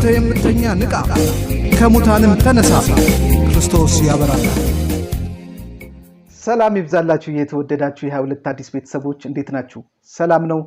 አንተ የምተኛ ንቃ፣ ከሙታንም ተነሳ፣ ክርስቶስ ያበራል። ሰላም ይብዛላችሁ የተወደዳችሁ የ22 አዲስ ቤተሰቦች እንዴት ናችሁ? ሰላም ነው።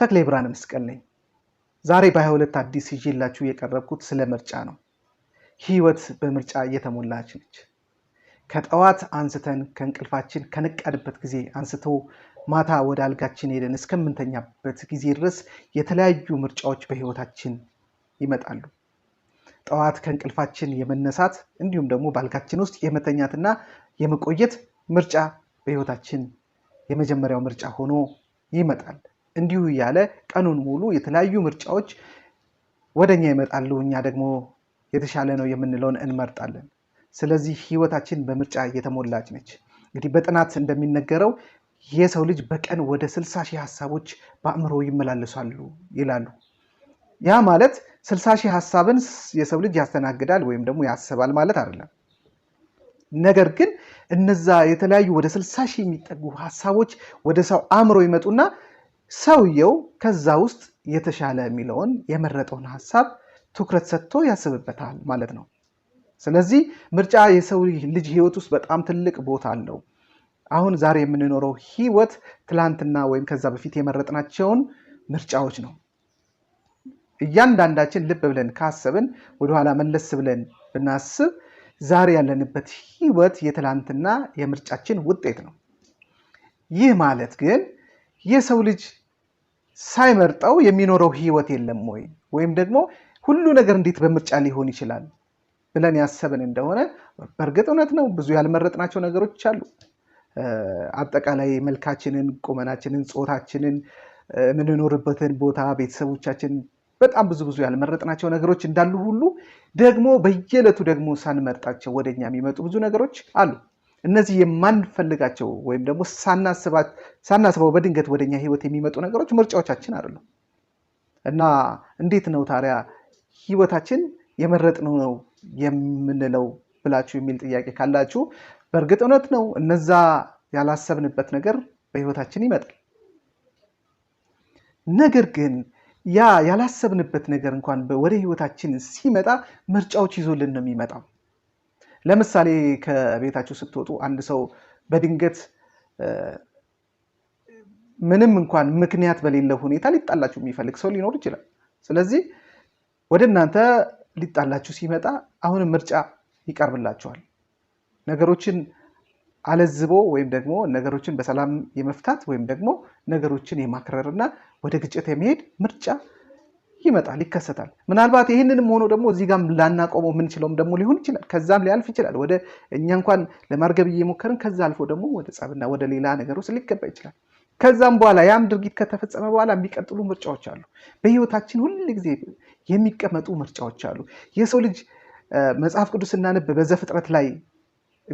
ተክሌ ብርሃነ መስቀል ነኝ። ዛሬ በ22 አዲስ ይዤላችሁ የቀረብኩት ስለ ምርጫ ነው። ህይወት በምርጫ እየተሞላች ነች። ከጠዋት አንስተን ከእንቅልፋችን ከነቃንበት ጊዜ አንስቶ ማታ ወደ አልጋችን ሄደን እስከምንተኛበት ጊዜ ድረስ የተለያዩ ምርጫዎች በህይወታችን ይመጣሉ። ጠዋት ከእንቅልፋችን የመነሳት እንዲሁም ደግሞ ባልካችን ውስጥ የመተኛትና የመቆየት ምርጫ በህይወታችን የመጀመሪያው ምርጫ ሆኖ ይመጣል። እንዲሁ እያለ ቀኑን ሙሉ የተለያዩ ምርጫዎች ወደኛ ይመጣሉ። እኛ ደግሞ የተሻለ ነው የምንለውን እንመርጣለን። ስለዚህ ህይወታችን በምርጫ እየተሞላች ነች። እንግዲህ በጥናት እንደሚነገረው የሰው ልጅ በቀን ወደ ስልሳ ሺህ ሀሳቦች በአእምሮ ይመላለሳሉ ይላሉ። ያ ማለት ስልሳ ሺህ ሀሳብን የሰው ልጅ ያስተናግዳል ወይም ደግሞ ያስባል ማለት አይደለም። ነገር ግን እነዛ የተለያዩ ወደ ስልሳ ሺህ የሚጠጉ ሀሳቦች ወደ ሰው አእምሮ ይመጡና ሰውየው ከዛ ውስጥ የተሻለ የሚለውን የመረጠውን ሀሳብ ትኩረት ሰጥቶ ያስብበታል ማለት ነው። ስለዚህ ምርጫ የሰው ልጅ ህይወት ውስጥ በጣም ትልቅ ቦታ አለው። አሁን ዛሬ የምንኖረው ህይወት ትላንትና ወይም ከዛ በፊት የመረጥናቸውን ምርጫዎች ነው። እያንዳንዳችን ልብ ብለን ካሰብን ወደኋላ መለስ ብለን ብናስብ ዛሬ ያለንበት ህይወት የትላንትና የምርጫችን ውጤት ነው። ይህ ማለት ግን የሰው ልጅ ሳይመርጠው የሚኖረው ህይወት የለም ወይ ወይም ደግሞ ሁሉ ነገር እንዴት በምርጫ ሊሆን ይችላል ብለን ያሰብን እንደሆነ በእርግጥ እውነት ነው። ብዙ ያልመረጥናቸው ነገሮች አሉ። አጠቃላይ መልካችንን፣ ቁመናችንን፣ ጾታችንን፣ የምንኖርበትን ቦታ፣ ቤተሰቦቻችን በጣም ብዙ ብዙ ያልመረጥናቸው ነገሮች እንዳሉ ሁሉ ደግሞ በየዕለቱ ደግሞ ሳንመርጣቸው ወደኛ የሚመጡ ብዙ ነገሮች አሉ። እነዚህ የማንፈልጋቸው ወይም ደግሞ ሳናስበው በድንገት ወደኛ ህይወት የሚመጡ ነገሮች ምርጫዎቻችን አይደሉም። እና እንዴት ነው ታዲያ ህይወታችን የመረጥነው ነው የምንለው ብላችሁ የሚል ጥያቄ ካላችሁ በእርግጥ እውነት ነው። እነዛ ያላሰብንበት ነገር በህይወታችን ይመጣል። ነገር ግን ያ ያላሰብንበት ነገር እንኳን ወደ ህይወታችን ሲመጣ ምርጫዎች ይዞልን ነው የሚመጣው። ለምሳሌ ከቤታችሁ ስትወጡ አንድ ሰው በድንገት ምንም እንኳን ምክንያት በሌለ ሁኔታ ሊጣላችሁ የሚፈልግ ሰው ሊኖር ይችላል። ስለዚህ ወደ እናንተ ሊጣላችሁ ሲመጣ አሁንም ምርጫ ይቀርብላችኋል። ነገሮችን አለዝቦ ወይም ደግሞ ነገሮችን በሰላም የመፍታት ወይም ደግሞ ነገሮችን የማክረር እና ወደ ግጭት የመሄድ ምርጫ ይመጣል፣ ይከሰታል። ምናልባት ይህንንም ሆኖ ደግሞ እዚህ ጋም ላናቆመው የምንችለውም ደግሞ ሊሆን ይችላል። ከዛም ሊያልፍ ይችላል። ወደ እኛ እንኳን ለማርገብ እየሞከርን ከዛ አልፎ ደግሞ ወደ ጸብና ወደ ሌላ ነገር ውስጥ ሊገባ ይችላል። ከዛም በኋላ ያም ድርጊት ከተፈጸመ በኋላ የሚቀጥሉ ምርጫዎች አሉ። በህይወታችን ሁል ጊዜ የሚቀመጡ ምርጫዎች አሉ። የሰው ልጅ መጽሐፍ ቅዱስ ስናነብ በዘፍጥረት ላይ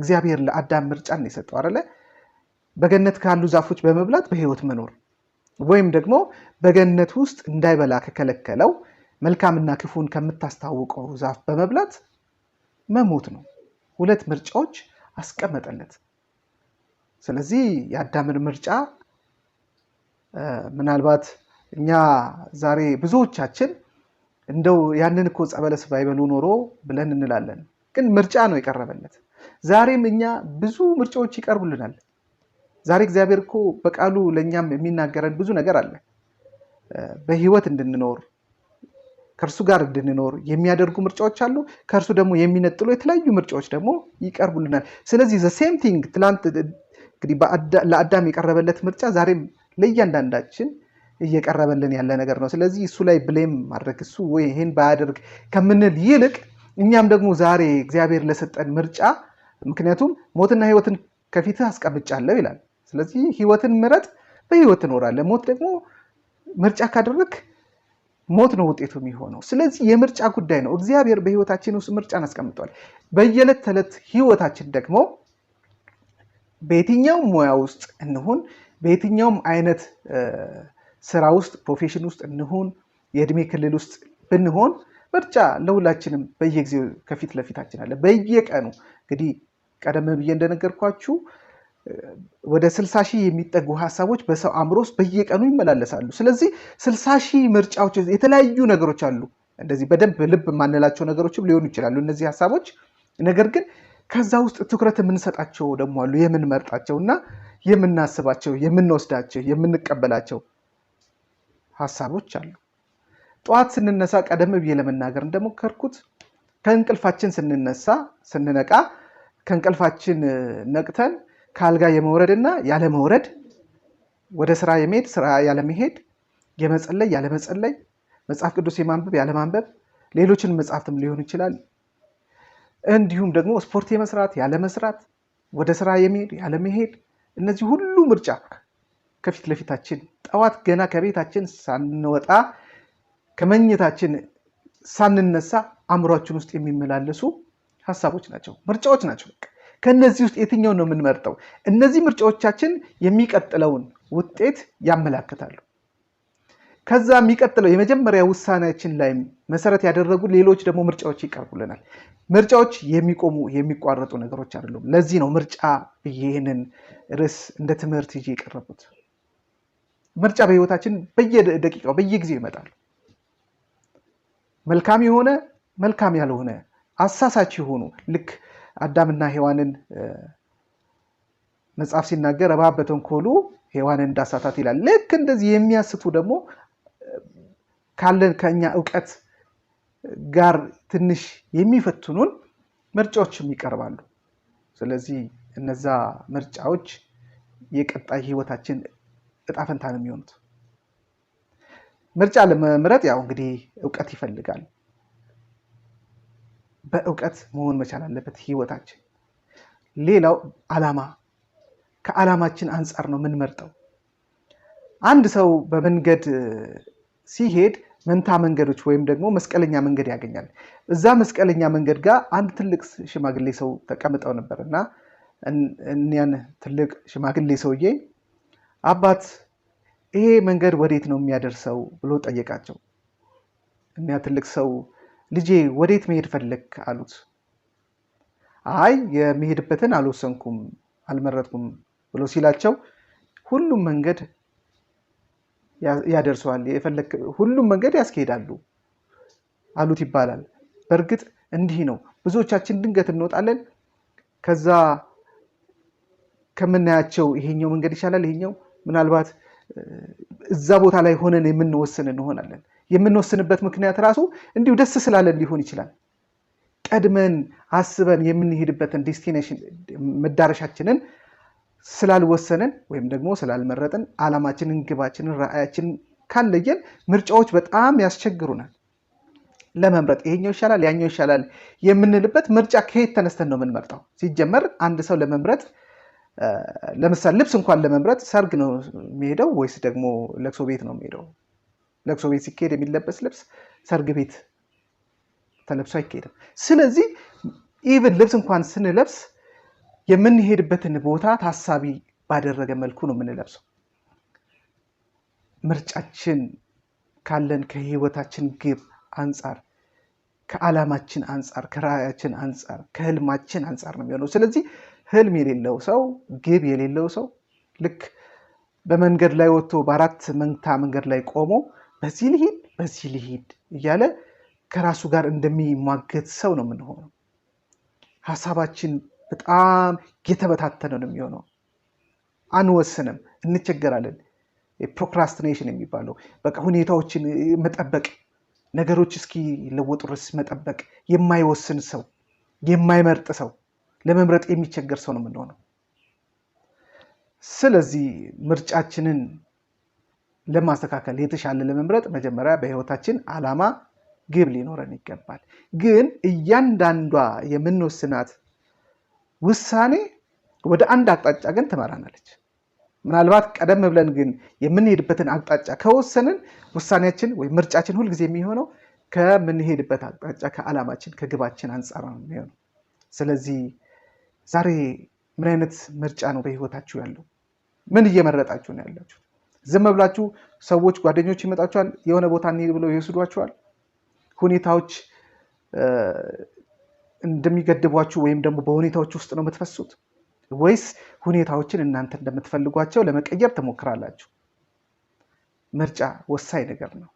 እግዚአብሔር ለአዳም ነው የሰጠው አለ። በገነት ካሉ ዛፎች በመብላት በህይወት መኖር ወይም ደግሞ በገነት ውስጥ እንዳይበላ ከከለከለው መልካምና ክፉን ከምታስታውቀው ዛፍ በመብላት መሞት ነው። ሁለት ምርጫዎች አስቀመጠለት። ስለዚህ የአዳምን ምርጫ ምናልባት እኛ ዛሬ ብዙዎቻችን እንደው ያንን እኮ ጸበለስ ባይበሉ ኖሮ ብለን እንላለን። ግን ምርጫ ነው የቀረበለት። ዛሬም እኛ ብዙ ምርጫዎች ይቀርቡልናል። ዛሬ እግዚአብሔር እኮ በቃሉ ለእኛም የሚናገረን ብዙ ነገር አለ። በህይወት እንድንኖር ከእርሱ ጋር እንድንኖር የሚያደርጉ ምርጫዎች አሉ። ከእርሱ ደግሞ የሚነጥሉ የተለያዩ ምርጫዎች ደግሞ ይቀርቡልናል። ስለዚህ ዘሴም ቲንግ ትላንት እንግዲህ ለአዳም የቀረበለት ምርጫ ዛሬም ለእያንዳንዳችን እየቀረበልን ያለ ነገር ነው። ስለዚህ እሱ ላይ ብሌም ማድረግ እሱ ወይ ይሄን ባያደርግ ከምንል ይልቅ እኛም ደግሞ ዛሬ እግዚአብሔር ለሰጠን ምርጫ ምክንያቱም ሞትና ህይወትን ከፊትህ አስቀምጫለሁ ይላል። ስለዚህ ህይወትን ምረጥ፣ በህይወት ትኖራለህ። ሞት ደግሞ ምርጫ ካደረግ ሞት ነው ውጤቱ የሚሆነው። ስለዚህ የምርጫ ጉዳይ ነው። እግዚአብሔር በህይወታችን ውስጥ ምርጫን አስቀምጧል። በየዕለት ተዕለት ህይወታችን ደግሞ በየትኛውም ሙያ ውስጥ እንሁን፣ በየትኛውም አይነት ስራ ውስጥ ፕሮፌሽን ውስጥ እንሁን፣ የእድሜ ክልል ውስጥ ብንሆን ምርጫ ለሁላችንም በየጊዜው ከፊት ለፊታችን አለ። በየቀኑ እንግዲህ ቀደም ብዬ እንደነገርኳችሁ ወደ ስልሳ ሺህ የሚጠጉ ሀሳቦች በሰው አእምሮ ውስጥ በየቀኑ ይመላለሳሉ። ስለዚህ ስልሳ ሺህ ምርጫዎች፣ የተለያዩ ነገሮች አሉ። እንደዚህ በደንብ ልብ የማንላቸው ነገሮችም ሊሆኑ ይችላሉ እነዚህ ሀሳቦች። ነገር ግን ከዛ ውስጥ ትኩረት የምንሰጣቸው ደግሞ አሉ የምንመርጣቸው እና የምናስባቸው፣ የምንወስዳቸው፣ የምንቀበላቸው ሀሳቦች አሉ። ጠዋት ስንነሳ ቀደም ብዬ ለመናገር እንደሞከርኩት ከእንቅልፋችን ስንነሳ ስንነቃ ከእንቅልፋችን ነቅተን ከአልጋ የመውረድ እና ያለመውረድ፣ ወደ ስራ የመሄድ ስራ ያለመሄድ፣ የመጸለይ ያለመጸለይ፣ መጽሐፍ ቅዱስ የማንበብ ያለማንበብ፣ ሌሎችን መጽሐፍትም ሊሆን ይችላል። እንዲሁም ደግሞ ስፖርት የመስራት ያለመስራት፣ ወደ ስራ የመሄድ ያለመሄድ፣ እነዚህ ሁሉ ምርጫ ከፊት ለፊታችን ጠዋት ገና ከቤታችን ሳንወጣ ከመኝታችን ሳንነሳ አእምሯችን ውስጥ የሚመላለሱ ሀሳቦች ናቸው፣ ምርጫዎች ናቸው። ከእነዚህ ውስጥ የትኛውን ነው የምንመርጠው? እነዚህ ምርጫዎቻችን የሚቀጥለውን ውጤት ያመላክታሉ። ከዛ የሚቀጥለው የመጀመሪያ ውሳኔያችን ላይ መሰረት ያደረጉ ሌሎች ደግሞ ምርጫዎች ይቀርቡልናል። ምርጫዎች የሚቆሙ የሚቋረጡ ነገሮች አይደሉም። ለዚህ ነው ምርጫ ብዬ ይህንን ርዕስ እንደ ትምህርት ይዤ የቀረቡት። ምርጫ በህይወታችን በየደቂቃው በየጊዜው ይመጣል። መልካም የሆነ መልካም ያልሆነ አሳሳች የሆኑ ልክ አዳምና ሔዋንን መጽሐፍ ሲናገር እባብ በተንኮሉ ሔዋንን እንዳሳታት ይላል። ልክ እንደዚህ የሚያስቱ ደግሞ ካለን ከእኛ እውቀት ጋር ትንሽ የሚፈትኑን ምርጫዎችም ይቀርባሉ። ስለዚህ እነዛ ምርጫዎች የቀጣይ ህይወታችን እጣፈንታ ነው የሚሆኑት። ምርጫ ለመምረጥ ያው እንግዲህ እውቀት ይፈልጋል። በእውቀት መሆን መቻል አለበት ህይወታችን። ሌላው አላማ፣ ከአላማችን አንጻር ነው የምንመርጠው። አንድ ሰው በመንገድ ሲሄድ መንታ መንገዶች ወይም ደግሞ መስቀለኛ መንገድ ያገኛል። እዛ መስቀለኛ መንገድ ጋር አንድ ትልቅ ሽማግሌ ሰው ተቀምጠው ነበር እና እኒያን ትልቅ ሽማግሌ ሰውዬ አባት ይሄ መንገድ ወዴት ነው የሚያደርሰው ብሎ ጠየቃቸው። እኒያ ትልቅ ሰው ልጄ ወዴት መሄድ ፈለግ አሉት። አይ የሚሄድበትን አልወሰንኩም አልመረጥኩም ብሎ ሲላቸው ሁሉም መንገድ ያደርሰዋል፣ ሁሉም መንገድ ያስኬሄዳሉ አሉት ይባላል። በእርግጥ እንዲህ ነው። ብዙዎቻችን ድንገት እንወጣለን። ከዛ ከምናያቸው ይሄኛው መንገድ ይሻላል፣ ይሄኛው ምናልባት እዛ ቦታ ላይ ሆነን የምንወስን እንሆናለን። የምንወስንበት ምክንያት ራሱ እንዲሁ ደስ ስላለን ሊሆን ይችላል። ቀድመን አስበን የምንሄድበትን ዴስቲኔሽን መዳረሻችንን ስላልወሰንን ወይም ደግሞ ስላልመረጥን ዓላማችንን፣ ግባችንን፣ ራዕያችንን ካለየን ምርጫዎች በጣም ያስቸግሩናል። ለመምረጥ ይሄኛው ይሻላል ያኛው ይሻላል የምንልበት ምርጫ ከየት ተነስተን ነው የምንመርጠው? ሲጀመር አንድ ሰው ለመምረጥ ለምሳሌ ልብስ እንኳን ለመምረጥ ሰርግ ነው የሚሄደው ወይስ ደግሞ ለቅሶ ቤት ነው የሚሄደው? ለቅሶ ቤት ሲካሄድ የሚለበስ ልብስ ሰርግ ቤት ተለብሶ አይካሄድም። ስለዚህ ኢቭን ልብስ እንኳን ስንለብስ የምንሄድበትን ቦታ ታሳቢ ባደረገ መልኩ ነው የምንለብሰው። ምርጫችን ካለን ከህይወታችን ግብ አንጻር ከዓላማችን አንጻር ከራዕያችን አንጻር ከህልማችን አንጻር ነው የሚሆነው። ስለዚህ ህልም የሌለው ሰው ግብ የሌለው ሰው ልክ በመንገድ ላይ ወጥቶ በአራት መንታ መንገድ ላይ ቆሞ በዚህ ልሂድ በዚህ ልሂድ እያለ ከራሱ ጋር እንደሚሟገት ሰው ነው የምንሆነው። ሀሳባችን በጣም የተበታተነ ነው የሚሆነው። አንወስንም፣ እንቸገራለን። ፕሮክራስቲኔሽን የሚባለው በቃ ሁኔታዎችን መጠበቅ፣ ነገሮች ለወጡ ድረስ መጠበቅ፣ የማይወስን ሰው፣ የማይመርጥ ሰው፣ ለመምረጥ የሚቸገር ሰው ነው የምንሆነው። ስለዚህ ምርጫችንን ለማስተካከል የተሻለ ለመምረጥ መጀመሪያ በህይወታችን አላማ ግብ ሊኖረን ይገባል። ግን እያንዳንዷ የምንወስናት ውሳኔ ወደ አንድ አቅጣጫ ግን ትመራናለች። ምናልባት ቀደም ብለን ግን የምንሄድበትን አቅጣጫ ከወሰንን ውሳኔያችን ወይም ምርጫችን ሁልጊዜ የሚሆነው ከምንሄድበት አቅጣጫ ከዓላማችን ከግባችን አንጻር ነው የሚሆነው። ስለዚህ ዛሬ ምን አይነት ምርጫ ነው በህይወታችሁ ያለው? ምን እየመረጣችሁ ነው ያላችሁ? ዝም ብላችሁ ሰዎች ጓደኞች ይመጣችኋል፣ የሆነ ቦታ እንሂድ ብለው ይወስዷችኋል። ሁኔታዎች እንደሚገድቧችሁ ወይም ደግሞ በሁኔታዎች ውስጥ ነው የምትፈሱት፣ ወይስ ሁኔታዎችን እናንተ እንደምትፈልጓቸው ለመቀየር ትሞክራላችሁ? ምርጫ ወሳኝ ነገር ነው።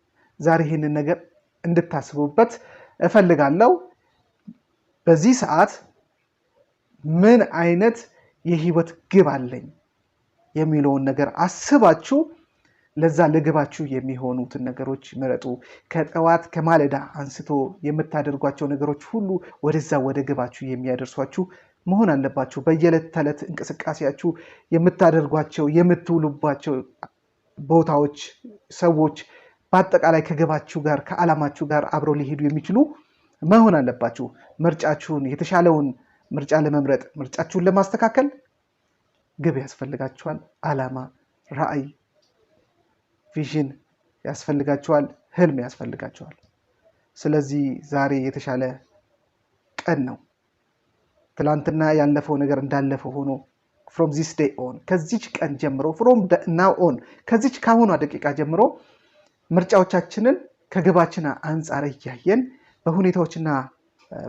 ዛሬ ይህንን ነገር እንድታስቡበት እፈልጋለሁ። በዚህ ሰዓት ምን አይነት የህይወት ግብ አለኝ? የሚለውን ነገር አስባችሁ ለዛ ለግባችሁ የሚሆኑትን ነገሮች ምረጡ። ከጠዋት ከማለዳ አንስቶ የምታደርጓቸው ነገሮች ሁሉ ወደዛ ወደ ግባችሁ የሚያደርሷችሁ መሆን አለባችሁ። በየዕለት ተዕለት እንቅስቃሴያችሁ የምታደርጓቸው የምትውሉባቸው ቦታዎች፣ ሰዎች በአጠቃላይ ከግባችሁ ጋር ከዓላማችሁ ጋር አብረው ሊሄዱ የሚችሉ መሆን አለባችሁ። ምርጫችሁን የተሻለውን ምርጫ ለመምረጥ ምርጫችሁን ለማስተካከል ግብ ያስፈልጋቸዋል አላማ፣ ራዕይ፣ ቪዥን ያስፈልጋቸዋል ህልም ያስፈልጋቸዋል። ስለዚህ ዛሬ የተሻለ ቀን ነው። ትላንትና ያለፈው ነገር እንዳለፈው ሆኖ ፍሮም ዚስ ዴይ ኦን ከዚች ቀን ጀምሮ ፍሮም ናው ኦን ከዚች ካሁኗ ደቂቃ ጀምሮ ምርጫዎቻችንን ከግባችን አንጻር እያየን በሁኔታዎችና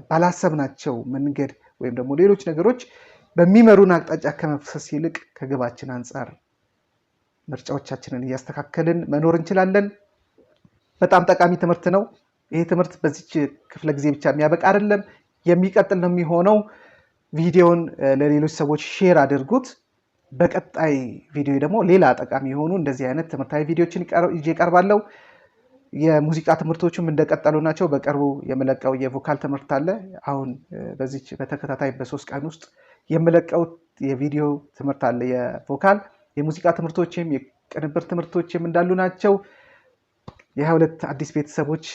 ባላሰብናቸው መንገድ ወይም ደግሞ ሌሎች ነገሮች በሚመሩን አቅጣጫ ከመፍሰስ ይልቅ ከግባችን አንጻር ምርጫዎቻችንን እያስተካከልን መኖር እንችላለን። በጣም ጠቃሚ ትምህርት ነው። ይህ ትምህርት በዚች ክፍለ ጊዜ ብቻ የሚያበቃ አይደለም፣ የሚቀጥል ነው የሚሆነው። ቪዲዮን ለሌሎች ሰዎች ሼር አድርጉት። በቀጣይ ቪዲዮ ደግሞ ሌላ ጠቃሚ የሆኑ እንደዚህ አይነት ትምህርታዊ ቪዲዮችን ይዤ እቀርባለሁ። የሙዚቃ ትምህርቶችም እንደቀጠሉ ናቸው። በቅርቡ የመለቀው የቮካል ትምህርት አለ። አሁን በዚች በተከታታይ በሶስት ቀን ውስጥ የምለቀው የቪዲዮ ትምህርት አለ፣ የቮካል የሙዚቃ ትምህርቶችም የቅንብር ትምህርቶችም እንዳሉ ናቸው። የ22 አዲስ ቤተሰቦች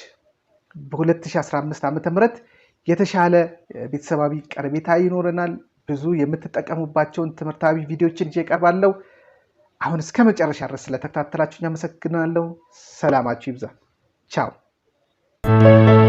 በ2015 ዓ ም የተሻለ ቤተሰባዊ ቀረቤታ ይኖረናል። ብዙ የምትጠቀሙባቸውን ትምህርታዊ ቪዲዮችን ይዤ እቀርባለሁ። አሁን እስከ መጨረሻ ድረስ ስለተከታተላችሁ አመሰግናለሁ። ሰላማችሁ ይብዛ። ቻው